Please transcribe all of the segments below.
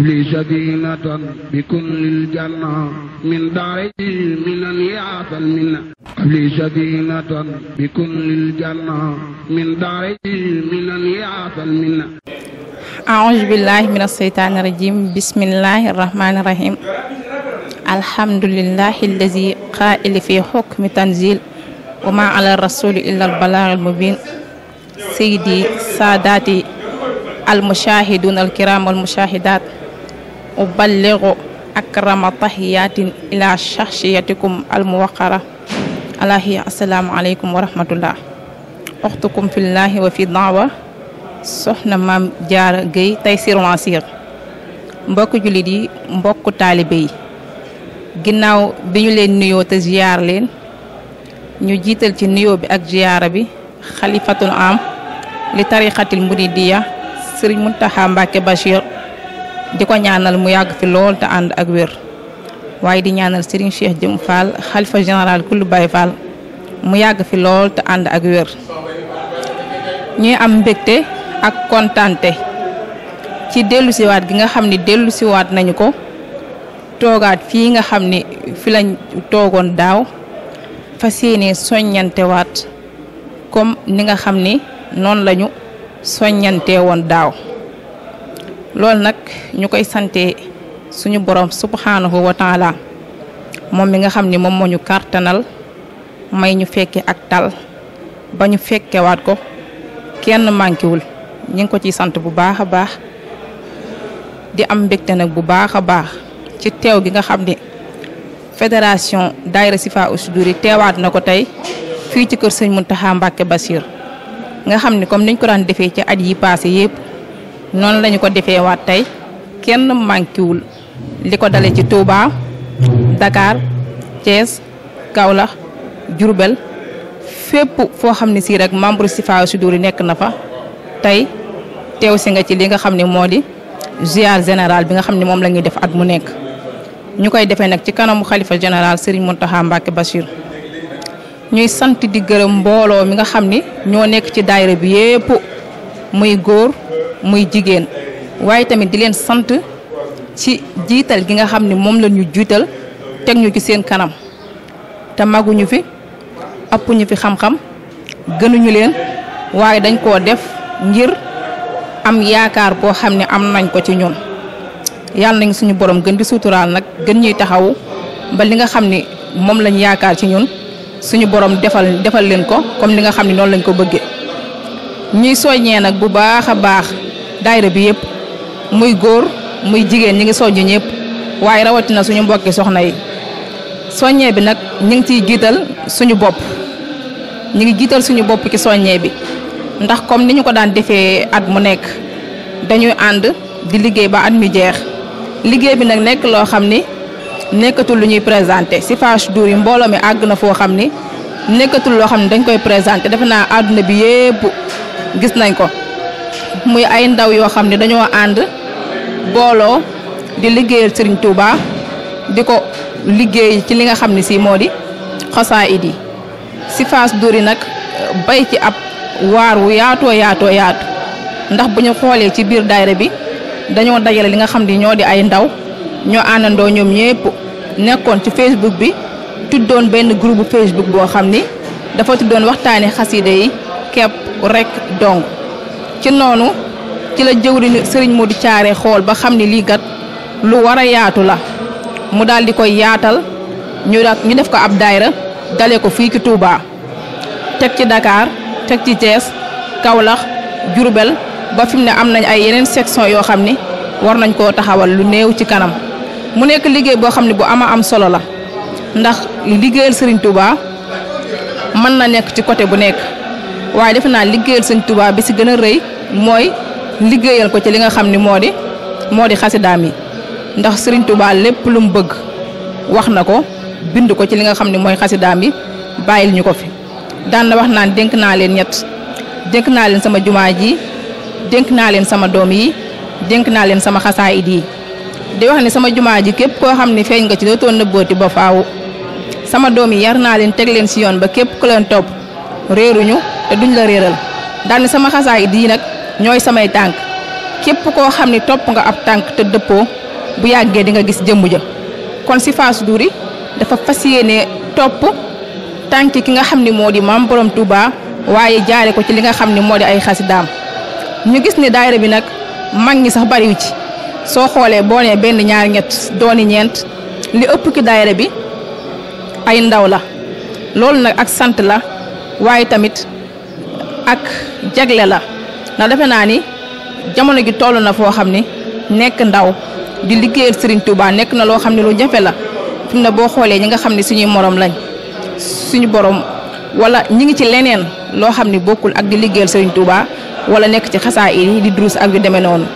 li sadinatan bi kullil janna min daari minan yaatal minna li sadinatan bi kullil janna min daari minan yaatal minna aouzu billahi min asseytaani rajim bismillahi rahmaani rahim alhamdulillahi allazi qaa'ili fi hukmi tanzil wa ma ala rasuli illa albalaagu almubin seydi saadaati almushahiduun alkiram walmushahidaat uballigu akrama tahiyatin ila shakhsiyatikum almuwaqara alaahi assalaamu aleykum wa rahmatullah oxtukum fillahi wa fi daawa soxna maam jaara géy tey sirlansir mbokk jullit yi mbokk taalibe yi ginnaaw bi ñu leen nuyoo te leen ñu jiital ci nuyoo bi ak ziyaara bi xalifatul am li tarixatil muridiya sëriñ muntaxa mbàkke bachir di ko ñaanal mu yàgg fi lool te ànd ak wér waaye di ñaanal Serigne Cheikh Jëm Fall xalifa général kullu Baye Fall mu yàgg fi lool te ànd ak wér ñuy am mbégte ak kontante ci dellusiwaat gi nga xam ni dellusiwaat nañu ko toogaat fii nga xam ni fi lañ toogoon daaw fas yéene soññantewaat comme ni nga xam ni noonu lañu soññante woon daaw loolu nag ñu koy sante suñu borom subhaanahu wa taala moom mi nga xam ni moom mooñu kartanal may ñu fekke ak tal ba ñu fekkewaat ko kenn mànkewul ñu ngi ko ciy sant bu baax a baax di am mbégte nag bu baax a baax ci teew gi nga xam ni fédération daayira Chifaa'u Suduuri teewaat na ko tey fii ci kër sëñ Muntaxa Mbàkke Basiir nga xam ni comme niñ ko daan defee ci at yi passé yépp noonu lañu ko defee waat tey kenn mànkiwul li ko dale ci Touba Dakar Thiès Kaolack Diourbel fépp foo xam ne si rek membre si faaw si duri nekk na fa tey teew si nga ci li nga xam ne moo di ziar général bi nga xam ne moom lañuy def at mu nekk ñu koy defee nag ci kanamu xalifa général Serigne Mountakha Mbacké Bachir ñuy sant di gërëm mbooloo mi nga xam ni ñoo nekk ci daayira bi yépp muy góor muy jigéen waaye tamit di leen sant ci jiital gi nga xam ne moom la ñu jiital teg ñu ci seen kanam te maguñu fi ëpp ñu fi xam-xam gënuñu leen waaye dañ koo def ngir am yaakaar boo xam ne am nañ ko ci ñun yàlla nañ suñu boroom gën di suturaal nag gën ñuy taxawu ba li nga xam ne moom lañ yaakaar ci ñun suñu boroom defal defal leen ko kon li nga xam ne noonu lañ ko bëggee ñuy soññee nag bu baax baax daayira bi yëpp muy góor muy jigéen ñi ngi soññu ñëpp waaye rawatina suñu mbokki soxna yi soññee bi nag ñu ngi ciy jiital suñu bopp ñu ngi jiital suñu bopp ci soññee bi ndax comme ni ñu ko daan defee at mu nekk dañuy ànd di liggéey ba at mi jeex liggéey bi nag nekk loo xam ni nekkatul lu ñuy présenté si Fass Dóor yi mbooloo mi àgg na foo xam ni nekkatul loo xam ne dañ koy présenté defe naa àdduna bi yépp gis nañ ko muy ay ndaw yoo xam ne dañoo ànd booloo di liggéeyal sëriñ Touba di ko liggéey ci li nga xam ne si moo di xasaa idi si Fass Dóori nag bay ci ab waar wu yaatoo yaatoo yaatu ndax bu ñu xoolee ci biir daayira bi dañoo dajale li nga xam ne ñoo di ay ndaw ñoo àndandoo ñoom ñëpp nekkoon ci Facebook bi tuddoon benn groupe Facebook boo xam ni dafa tuddoon waxtaane xaside yi kepp rekk dong ci noonu ci la jëwriñ sëriñ di caare xool ba xam ni lii kat lu war a yaatu la mu daldi koy yaatal ñu def ko ab daayra dale ko fii ci Touba teg ci Dakar teg ci Thiès kawlax Diourbel ba fi mu ne am nañ ay yeneen section yoo xam ni war nañ koo taxawal lu néew ci kanam mu nekk liggéey boo xam ne bu ama am solo la ndax liggéeyal sëriñ Touba mën na nekk ci côté bu nekk. waaye defe naa liggéeyal sëñ Tuubaa bi si gën a rëy mooy liggéeyal ko ci li nga xam ni moo di moo di xasidaam yi ndax sëriñ Tuubaa lépp lu mu bëgg wax na ko bind ko ci li nga xam ne mooy xasidaam yi bàyyil ñu ko fi daan na wax naan dénk naa leen ñett dénk naa leen sama jumaa ji dénk naa leen sama doom yi dénk naa leen sama xasaayid yi di wax ne sama jumaa ji képp koo xam ne feeñ nga ci dootoo nëbbooti ba faaw sama doom yi yar naa leen teg leen si yoon ba képp ku leen topp réeruñu te duñ la réeral daal ni sama xasaay yi nag ñooy samay tànk képp koo xam ni topp nga ab tànk te dëppoo bu yàggee di nga gis jëmm ja kon si Fass Duri dafa fas yéene topp tànk ki nga xam ni moo di maam borom Touba waaye jaare ko ci li nga xam ni moo di ay xasidaam ñu gis ni daayira bi nag mag ñi sax bariwu ci soo xoolee boo nee benn ñaar ñett dooni ñeent li ëpp ki daayira bi ay ndaw la loolu nag ak sant la waaye tamit ak jagle la na defe naa ni jamono ji toll na foo xam ni nekk ndaw di liggéeyal Serigne Touba nekk na loo xam ne lu jafe la fi na boo xoolee ñi nga xam ne suñuy moroom lañ suñu borom wala ñi ngi ci leneen loo xam ne bokkul ak di liggéeyal Serigne Touba wala nekk ci xesaa yi di durus ak yu demee noonu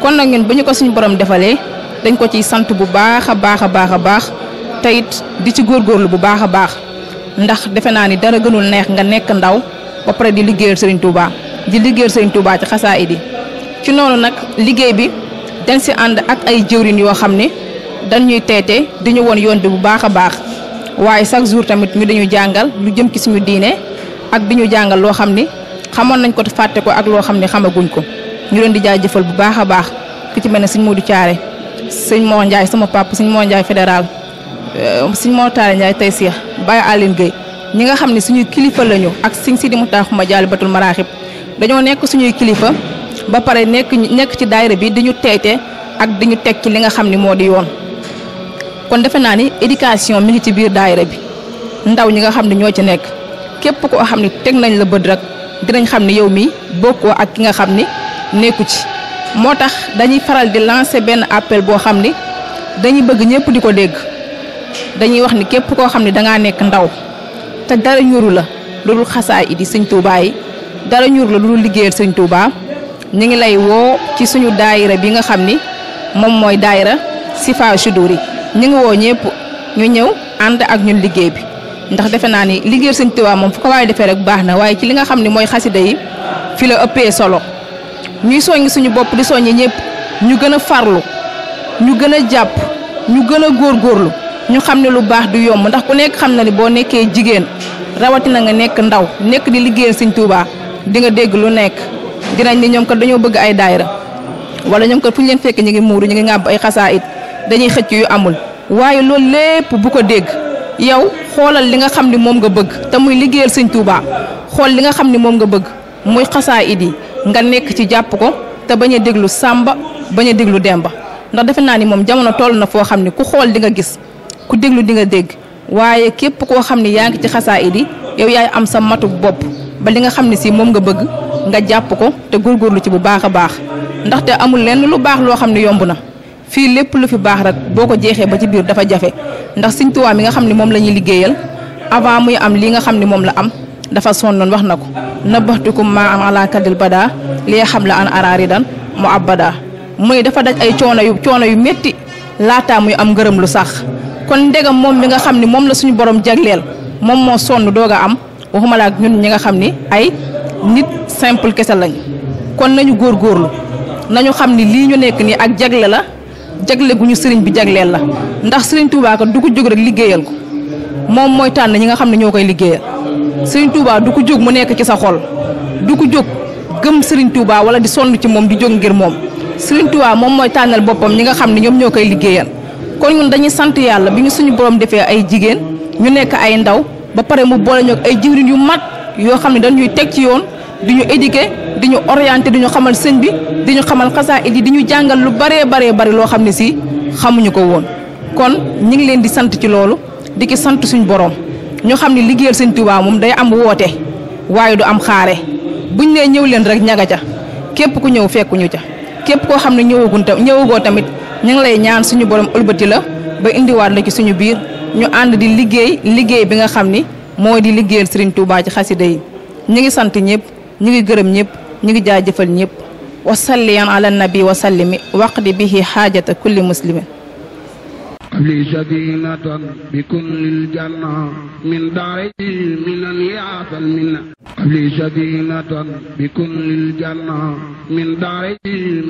kon nag ñun bu ñu ko suñu borom defalee dañ ko ciy sant bu baax a baax a baax a baax te it di ci góor góorlu bu baax a baax ndax defe naa ni dara gënul neex nga nekk ndaw. ba pare di liggéeyal Serigne Touba di liggéeyal Serigne Touba ci xasaayid yi ci noonu nag liggéey bi dañ si ànd ak ay jëwrin yoo xam ne dañ ñuy teete di ñu won yoon bi bu baax a baax waaye chaque jour tamit ñu dañu jàngal lu jëm ci suñu diine ak di ñu jàngal loo xam ni xamoon nañ ko fàtte ko ak loo xam ne xamaguñ ko ñu leen di jëfal bu baax a baax ku ci mel ne moo di Thiaré sëñ Mor Ndiaye sama papa sëñ Mor Ndiaye fédéral euh, sëñ Mor Taale Ndiaye tey Seex ñi nga xam ne suñuy kilifa lañu ak Sëriñ Sidi Muxtaar Xuma Jaalibatul Maraaxib dañoo nekk suñuy kilifa ba pare nekk nekk ci daayira bi di ñu teyte ak di ñu teg ci li nga xam ni moo di yoon kon defe naa ni éducation mi ngi ci biir daayira bi ndaw ñi nga xam ne ñoo ci nekk képp koo xam ne teg nañ la bët rek dinañ xam ne yow mii bokkoo ak ki nga xam ni nekku ci moo tax dañuy faral di lancer benn appel boo xam ni dañuy bëgg ñëpp di ko dégg dañuy wax ni képp koo xam ne dangaa nekk ndaw te dara ñuru la lu dul xasaayid yi sëñ Touba yi dara ñuru la lu dul liggéeyal sëñ Touba ñu ngi lay woo ci suñu daayira bi nga xam ni moom mooy daayira Chifa Choudouri ñu ngi woo ñëpp ñu ñëw ànd ak ñun liggéey bi ndax defe naa ni liggéeyal sëñ Touba moom fu ko waay defee rek baax na waaye ci li nga xam ne mooy xasida yi fi la ëppee solo ñuy soññ suñu bopp di soññi ñëpp ñu gën a farlu ñu gën a jàpp ñu gën a góorlu ñu xam ne lu baax di yomb ndax ku nekk xam na ni boo nekkee jigéen rawatina nga nekk ndaw nekk di liggéeyal Sëñ Tuubaa di nga dégg lu nekk dinañ ni ñoom kat dañoo bëgg ay daayira wala ñoom kat fu ñu leen fekk ñu ngi muuru ñu ngi ŋàbb ay xasaa xasaayit dañuy xëcc yu amul waaye loolu lépp bu ko dégg yow xoolal li nga xam ni moom nga bëgg te muy liggéeyal Sëñ Tuubaa xool li nga xam ni moom nga bëgg muy it yi nga nekk ci jàpp ko te bañ a déglu Sàmba bañ a déglu Demba ndax defe naa ni moom jamono toll na foo xam ni ku xool di nga gis ku déglu di nga dégg waaye képp koo xam ne yaa ngi ci xasaayid yi yow yaay am sa matu bopp ba li nga xam ne si moom nga bëgg nga jàpp ko te góorgóorlu ci bu baax a baax ndaxte amul lenn lu baax loo xam ne yomb na fii lépp lu fi baax rek boo ko jeexee ba ci biir dafa jafe ndax Sëñ Tuubaa yi nga xam ne moom la ñuy liggéeyal avant muy am li nga xam ne moom la am dafa sonnoon wax na ko na baxtukum maa am ala kadil badaa xam la an araari dan mu abbadaa muy dafa daj ay coono yu coono yu métti laataa muy am ngërëm lu sax kon ndegam moom bi nga xam ni moom la suñu borom jagleel moom moo sonn doog a am waxuma ak ñun ñi nga xam ni ay nit simple kese lañ kon nañu góor góorgóorlu nañu xam ni lii ñu nekk nii ak jagle la jagle gu ñu sëriñ bi jagleel la ndax sëriñ tuubaa ko du ko jóg rek liggéeyal ko moom mooy tànn ñi nga xam ne ñoo koy liggéeyal sëriñ Touba du ko jóg mu nekk ci sa xol du ko jóg gëm sëriñ Touba wala di sonn ci moom di jóg ngir moom sëriñ Touba moom mooy tànnal boppam ñi nga xam ne ñoom ñoo koy liggéeyal. kon ñun dañuy sant yàlla bi ñu suñu borom defee ay jigéen ñu nekk ay ndaw ba pare mu boole ñoog ay jigéen yu mat yoo xam ne dañuy teg ci yoon di ñu éduquer di ñu orienter di ñu xamal sëñ bi di ñu xamal xasaa it di ñu jàngal lu baree baree bari loo xam ne si xamuñu ko woon kon ñu ngi leen di sant ci loolu di ki sant suñu borom ñu xam ne liggéeyal sëñ Tuubaa moom day am woote waaye du am xaare buñ nee ñëw leen rek ñaga ca képp ku ñëw fekkuñu ca képp koo xam ne ñëwagun tam tamit ñu ngi lay ñaan suñu borom ëlbati la ba indiwaat na ci suñu biir ñu ànd di liggéey liggéey bi nga xam ni mooy di liggéeyal Serigne Touba ci xasida yi ñu ngi sant ñëpp ñu ngi gërëm ñëpp ñu ngi jaajëfal ñëpp wasalliyan ala mi wasallimi di bihi xaajata kulli muslimin لي سكينة بكل الجنة من داري من يعطى المنة لي سكينة بكل الجنة من داري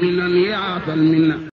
من يعطى المنة